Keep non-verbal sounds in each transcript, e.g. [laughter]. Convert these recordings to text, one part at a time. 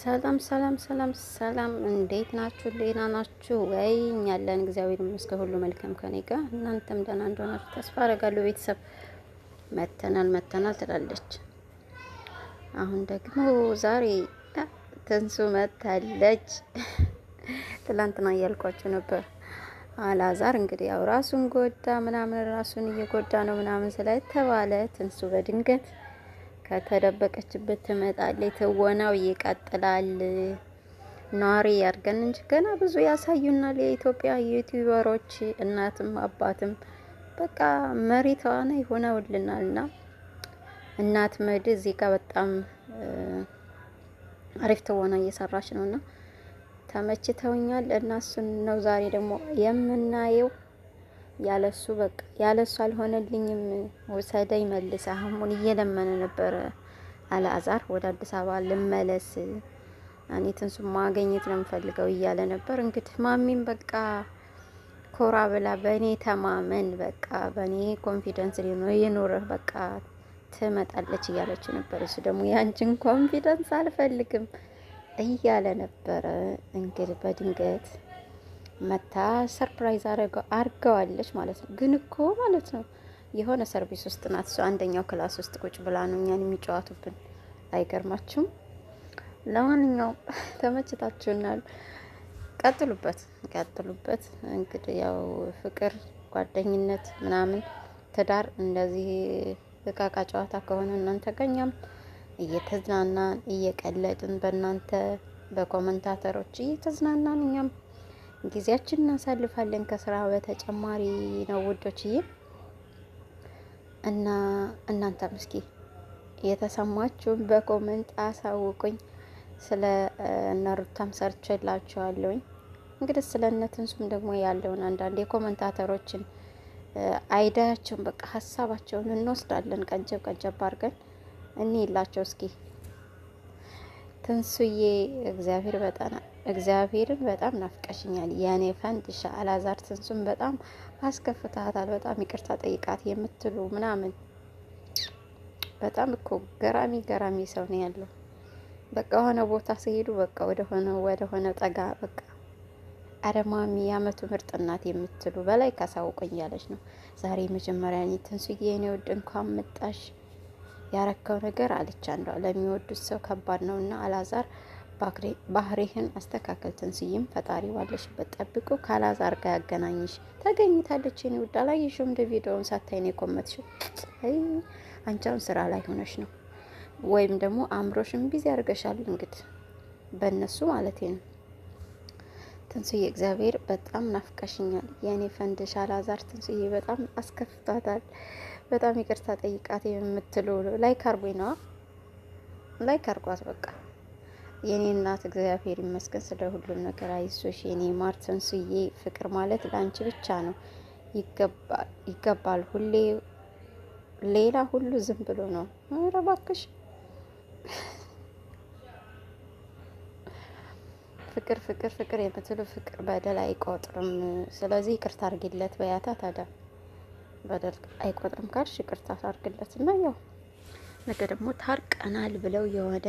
ሰላም ሰላም ሰላም ሰላም፣ እንዴት ናችሁ? ሌና ናችሁ ወይ? እኛ ያለን እግዚአብሔር ይመስገን ሁሉ መልካም ከኔ ጋር፣ እናንተም ደህና እንደሆናችሁ ተስፋ አደርጋለሁ። ቤተሰብ መተናል መተናል ትላለች። አሁን ደግሞ ዛሬ ትንሱ መታለች። ትላንትና እያልኳችሁ ነበር። አላዛር እንግዲህ ያው ራሱን ጎዳ ምናምን ራሱን እየጎዳ ነው ምናምን ስላልተባለ ትንሱ በድንገት ከተደበቀችበት ትመጣለች። ትወናው ይቀጥላል። ነዋሪ ያድርገን እንጂ ገና ብዙ ያሳዩናል የኢትዮጵያ ዩቲዩበሮች። እናትም አባትም በቃ መሪ ተዋናይ ሆነውልናልና እናት መድ እዚህ ጋር በጣም አሪፍ ትወና እየሰራች ነውና ተመችተውኛል እና እሱን ነው ዛሬ ደግሞ የምናየው። ያለሱ በቃ ያለሱ አልሆነልኝም፣ ውሰደኝ መልሰ አህሙን እየለመነ ነበረ። አልአዛር ወደ አዲስ አበባ ልመለስ፣ እኔ ትንሱ ማገኘት ነው የምፈልገው እያለ ነበር። እንግዲህ ማሚም በቃ ኮራ ብላ በእኔ ተማመን፣ በቃ በእኔ ኮንፊደንስ ነው የኖረህ፣ በቃ ትመጣለች እያለች ነበር። እሱ ደግሞ ያንቺን ኮንፊደንስ አልፈልግም እያለ ነበረ። እንግዲህ በድንገት መታ ሰርፕራይዝ አድርገዋለች ማለት ነው። ግን እኮ ማለት ነው የሆነ ሰርቪስ ውስጥ ናት እሷ አንደኛው ክላስ ውስጥ ቁጭ ብላ ነው እኛን የሚጫወቱብን። አይገርማችሁም? ለማንኛውም [laughs] ተመችታችሁናል። ቀጥሉበት፣ ቀጥሉበት። እንግዲህ ያው ፍቅር፣ ጓደኝነት ምናምን ትዳር እንደዚህ እቃቃ ጨዋታ ከሆነ እናንተ ገኛም እየተዝናናን እየቀለድን በእናንተ በኮመንታተሮች እየተዝናናን እኛም ጊዜያችን እናሳልፋለን ከስራ በተጨማሪ ነው ውዶችዬ። እና እናንተም እስኪ የተሰማችሁን በኮመንት አሳውቁኝ። ስለ እነ ሩታም እንግዲህ ስለ እነትንሱም ደግሞ ያለውን አንዳንድ የኮመንታተሮችን አይዳያቸውን በቃ ሀሳባቸውን እንወስዳለን ቀንጨብ ቀንጨብ አድርገን እኒ ይላቸው እስኪ ትንሱዬ እግዚአብሔር በጠና እግዚአብሔርን በጣም ናፍቀሽኛል ያኔ ፈንድሻ አላዛር ትንሱን በጣም አስከፍታታል። በጣም ይቅርታ ጠይቃት የምትሉ ምናምን በጣም እኮ ገራሚ ገራሚ ሰው ነው ያለው። በቃ የሆነ ቦታ ሲሄዱ በቃ ወደ ሆነ ወደ ሆነ ጠጋ በቃ አረማሚ የአመቱ ምርጥ እናት የምትሉ በላይ ካሳውቀኝ ያለች ነው። ዛሬ መጀመሪያ እኔ ትንሱዬ የኔ ውድ እንኳን መጣሽ ያረከው ነገር አለች አንዷ። ለሚወዱት ሰው ከባድ ነውና አላዛር ባህሪህን አስተካከል። ትንስይም ፈጣሪ ባለሽበት ጠብቆ ካላዛር ጋር ያገናኝሽ። ተገኝታለች የኔ ውድ አላየሽም? እንደ ቪዲዮውን ሳታይ ነው የቆመጥሽው። አንቻውን ስራ ላይ ሆነሽ ነው ወይም ደግሞ አእምሮሽን ቢዚ ያርገሻል እንግዲህ በእነሱ ማለት ነው። ትንስዬ እግዚአብሔር በጣም ናፍቀሽኛል የእኔ ፈንድሽ። አላዛር ትንስዬ በጣም አስከፍቷታል። በጣም ይቅርታ ጠይቃት የምትሉ ላይ ካርጎ ነዋ ላይ ካርጓት በቃ የኔ እናት እግዚአብሔር ይመስገን ስለ ሁሉም ነገር። አይዞሽ የኔ ማርተን ስዬ ፍቅር ማለት ለአንቺ ብቻ ነው። ይገባል ሁሌ ሌላ ሁሉ ዝም ብሎ ነው። ኧረ እባክሽ ፍቅር ፍቅር ፍቅር የምትሉ ፍቅር በደል አይቆጥርም። ስለዚህ ይቅርታ አርግለት በያታ ታዲያ በደል አይቆጥርም ካልሽ ይቅርታ አርግለት እና ያው ነገ ደግሞ ታርቀናል ብለው የሆነ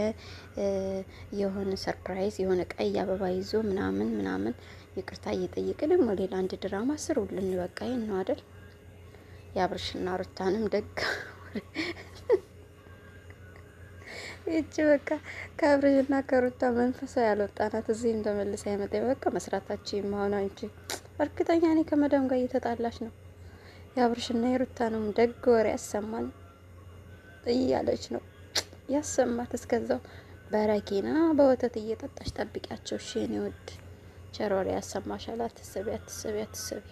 የሆነ ሰርፕራይዝ የሆነ ቀይ አበባ ይዞ ምናምን ምናምን ይቅርታ እየጠየቀ ደግሞ ሌላ አንድ ድራማ ስሩልን። በቃ ይህን ነው አይደል? የአብርሽና ሩታንም ደግ ይቺ በቃ ከአብርሽና ከሩታ መንፈሳዊ ያልወጣናት እዚህም ተመልሳ ይመጣ። በቃ መስራታችሁ የማሆነ እንጂ እርግጠኛ እኔ ከመዳም ጋር እየተጣላች ነው። የአብርሽና የሩታንም ደግ ወሬ ያሰማል። እያለች ነው ያሰማት። እስከዛው በረኪና በወተት እየጠጣች ጠብቂያቸው። እሺ የኔ ውድ ቸሮሪ ያሰማሻል። አትስቢ፣ አትስቢ፣ አትስቢ።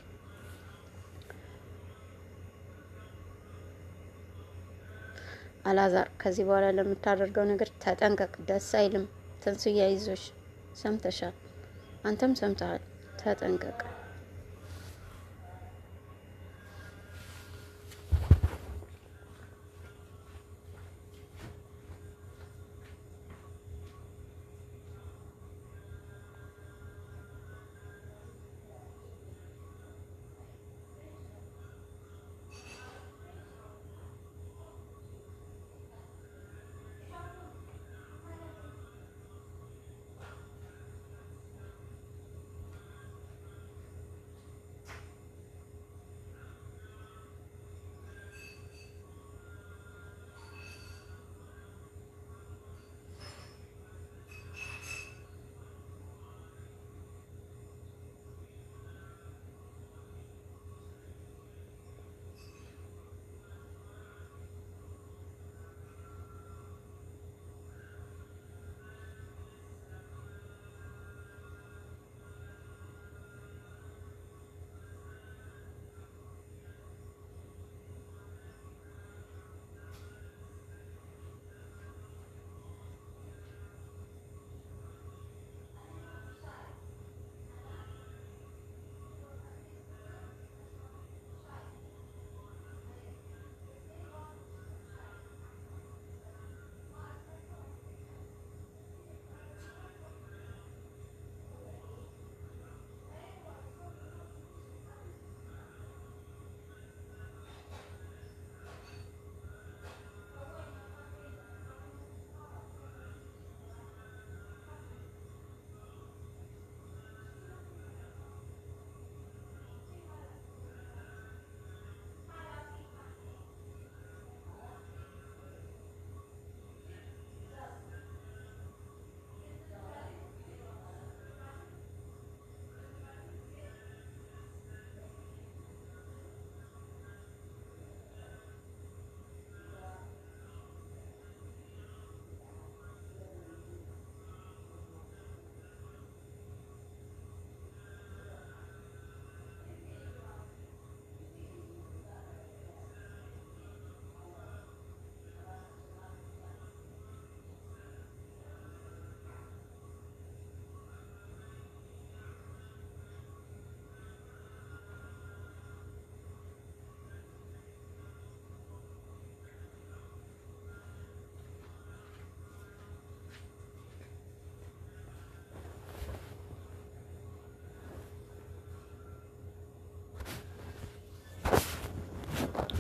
አላዛር ከዚህ በኋላ ለምታደርገው ነገር ተጠንቀቅ። ደስ አይልም። ትንሱ ያይዞሽ ሰምተሻል፣ አንተም ሰምተሃል። ተጠንቀቅ።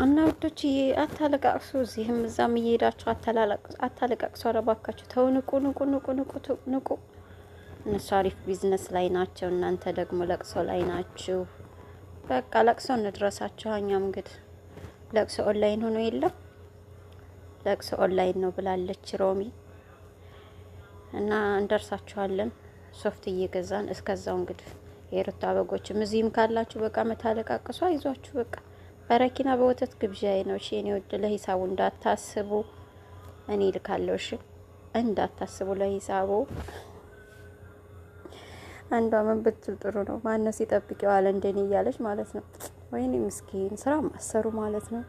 እና ውዶች አታለቃቅሱ፣ እዚህም እዛም እየሄዳችሁ አታለቃቅሱ። አረባካችሁ ተው፣ ንቁ ንቁ ንቁ ንቁ ንቁ። እነሱ አሪፍ ቢዝነስ ላይ ናቸው፣ እናንተ ደግሞ ለቅሶ ላይ ናችሁ። በቃ ለቅሶ እንድረሳችሁ። እኛም እንግዲህ ለቅሶ ኦንላይን ሆኖ የለም ለቅሶ ኦንላይን ነው ብላለች ሮሚ እና እንደርሳችኋለን። ሶፍት እየገዛን እስከዛው እንግዲህ የሩታ በጎችም እዚህም ካላችሁ በቃ መታለቃቅሷ ይዟችሁ በቃ በረኪና በወተት ግብዣዬ ነው። እሺ፣ እኔ ወድ ለሂሳቡ እንዳታስቡ፣ እኔ ልካለሁ። እሺ፣ እንዳታስቡ እኔ ልካለው። እሺ እንዳታስቡ ለሂሳቡ አንዷ ምን ብትል ጥሩ ነው? ማነው ሲጠብቅ የዋለ እንደኔ እያለች ማለት ነው። ወይኔ ምስኪን፣ ስራ ማሰሩ ማለት ነው።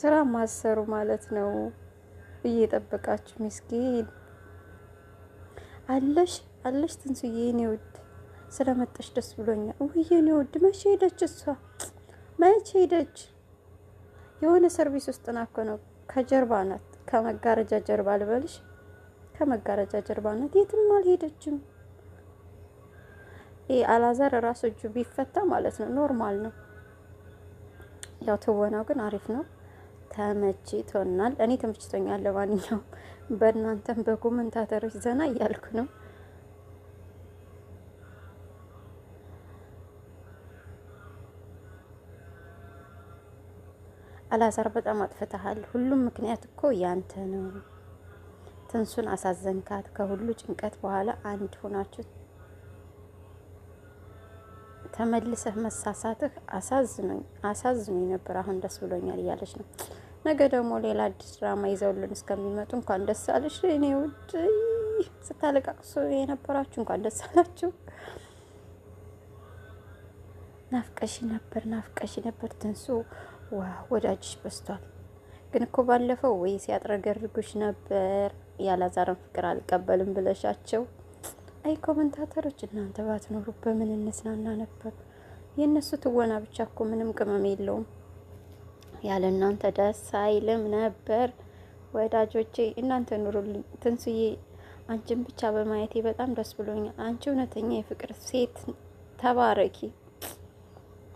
ስራ ማሰሩ ማለት ነው። እየጠበቃችሁ ምስኪን አለሽ አለሽ ትንሱዬ እኔ ውድ ስለመጣሽ ደስ ብሎኛል። ውይ የኔ ውድ መቼ ሄደች እሷ? መቼ ሄደች? የሆነ ሰርቪስ ውስጥ ናኮ ነው። ከጀርባ ናት፣ ከመጋረጃ ጀርባ ልበልሽ፣ ከመጋረጃ ጀርባ ናት። የትም አልሄደችም። ይህ አላዛር ራሱ እጁ ቢፈታ ማለት ነው ኖርማል ነው። ያው ትወናው ግን አሪፍ ነው። ተመችቶናል። እኔ ተመችቶኛል። ለማንኛውም በእናንተም በኮመንታተሮች ዘና እያልኩ ነው። አላዛር በጣም አጥፍተሃል። ሁሉም ምክንያት እኮ ያንተ ነው። ትንሱን አሳዘንካት። ከሁሉ ጭንቀት በኋላ አንድ ሆናችሁ ተመልሰህ መሳሳትህ አሳዝኖኝ አሳዝኖኝ ነበር። አሁን ደስ ብሎኛል እያለች ነው። ነገ ደግሞ ሌላ አዲስ ድራማ ይዘውልን እስከሚመጡ እንኳን ደስ አለሽ እኔ ውድ። ስታለቃቅሱ የነበራችሁ እንኳን ደስ አላችሁ። ናፍቀሽ ነበር፣ ናፍቀሽ ነበር ትንሱ ዋ ወዳጅሽ በስቷል። ግን እኮ ባለፈው ወይ ሲያጥረገርጉሽ ነበር ያላዛርን ፍቅር አልቀበልም ብለሻቸው። አይ ኮመንታተሮች እናንተ ባትኖሩ በምን እንስናና ነበር? የእነሱ ትወና ብቻ እኮ ምንም ቅመም የለውም። ያለ እናንተ ደስ አይልም ነበር። ወዳጆቼ እናንተ ኑሩልኝ። ትንሱዬ አንቺን ብቻ በማየቴ በጣም ደስ ብሎኛል። አንቺ እውነተኛ የፍቅር ሴት ተባረኪ።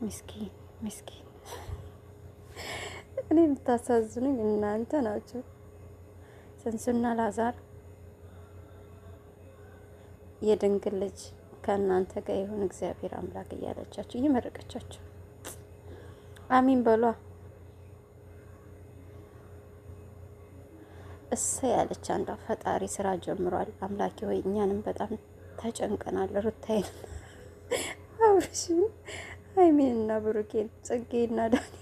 ምስኪን ምስኪን እኔ የምታሳዝኑኝ እናንተ ናችሁ። ጽንሱና ላዛር የድንግል ልጅ ከእናንተ ጋር ይሁን እግዚአብሔር አምላክ እያለቻችሁ እየመረቀቻችሁ አሚን በሏ። እሰ ያለች አንዷ ፈጣሪ ስራ ጀምሯል። አምላኪ ሆይ እኛንም በጣም ተጨንቀናል። ሩታይን አብርሽን፣ ሀይሚንና ብሩኬን፣ ጽጌና ዳኒ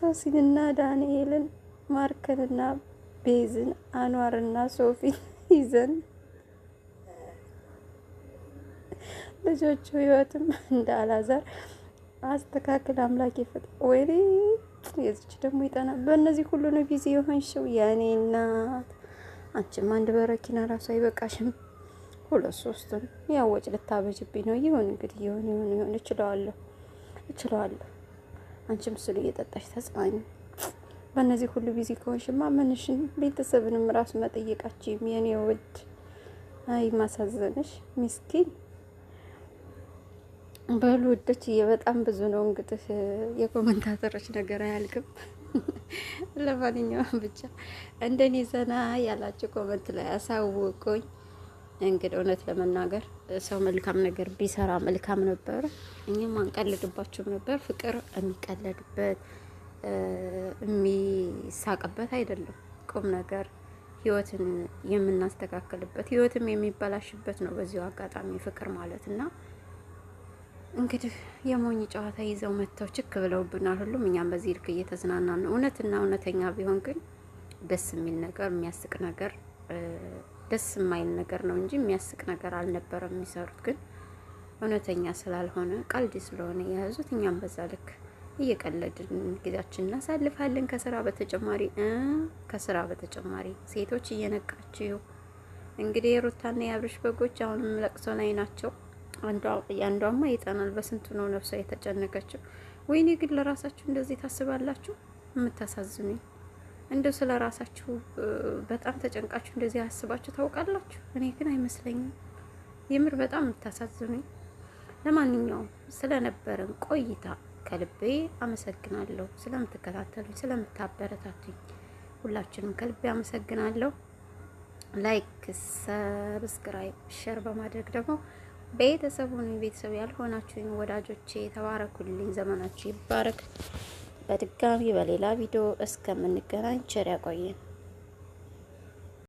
ሳሲንና ዳንኤልን ማርከንና ቤዝን አኗርና ሶፊ ይዘን ልጆቹ ህይወትም እንደ አላዛር አስተካክል አምላክ ይፈጥ። ወይኔ የዚች ደግሞ ይጠና። በእነዚህ ሁሉ ነው ጊዜ የሆንሽው የእኔ እናት። አንቺም አንድ በረኪና ራሱ አይበቃሽም። ሁለት ሶስቱን ያወጭ ልታበጅብኝ ነው። ይሁን እንግዲህ፣ ይሁን ይሁን ይሁን። እችለዋለሁ፣ እችለዋለሁ አንቺም ስሉ እየጠጣሽ ተጽናኙ። በእነዚህ ሁሉ ቢዚ ከሆንሽማ ምንሽን ቤተሰብንም ራሱ መጠየቃችም የኔ ውድ፣ አይ ማሳዘንሽ ሚስኪን። በሉ ውዶች፣ በጣም ብዙ ነው እንግዲህ የኮመንታተሮች ነገር አያልቅም። ለማንኛውም ብቻ እንደኔ ዘና ያላችሁ ኮመንት ላይ አሳውቁኝ። እንግዲህ እውነት ለመናገር ሰው መልካም ነገር ቢሰራ መልካም ነበር እኛም አንቀልድባቸውም ነበር። ፍቅር የሚቀለድበት የሚሳቅበት አይደለም። ቁም ነገር ህይወትን የምናስተካክልበት ህይወትም የሚበላሽበት ነው። በዚሁ አጋጣሚ ፍቅር ማለት እና እንግዲህ የሞኝ ጨዋታ ይዘው መጥተው ችክ ብለውብናል። ሁሉም እኛም በዚህ ልክ እየተዝናናን ነው። እውነትና እውነተኛ ቢሆን ግን ደስ የሚል ነገር የሚያስቅ ነገር ደስ የማይል ነገር ነው እንጂ የሚያስቅ ነገር አልነበረም። የሚሰሩት ግን እውነተኛ ስላልሆነ ቀልድ ስለሆነ የያዙት እኛም በዛ ልክ እየቀለድን ጊዜያችን እናሳልፋለን። ከስራ በተጨማሪ ከስራ በተጨማሪ ሴቶች እየነቃችሁ እንግዲህ የሩታና የአብርሽ በጎች አሁንም ለቅሶ ላይ ናቸው። አንዷማ ይጠናል። በስንቱ ነው ነፍሷ የተጨነቀችው። ወይኔ ግን ለራሳችሁ እንደዚህ ታስባላችሁ? የምታሳዝኑኝ እንደው ስለ ራሳችሁ በጣም ተጨንቃችሁ እንደዚህ አስባችሁ ታውቃላችሁ? እኔ ግን አይመስለኝም። የምር በጣም የምታሳዝኑኝ። ለማንኛውም ስለነበረን ቆይታ ከልቤ አመሰግናለሁ። ስለምትከታተሉኝ፣ ስለምታበረታቱኝ ሁላችንም ከልቤ አመሰግናለሁ። ላይክ፣ ሰብስክራይብ፣ ሸር በማድረግ ደግሞ ቤተሰቡን ቤተሰብ ያልሆናችሁኝ ወዳጆቼ ተባረኩልኝ። ዘመናችሁ ይባረክ። በድጋሚ በሌላ ቪዲዮ እስከምንገናኝ ቸር ያቆየን።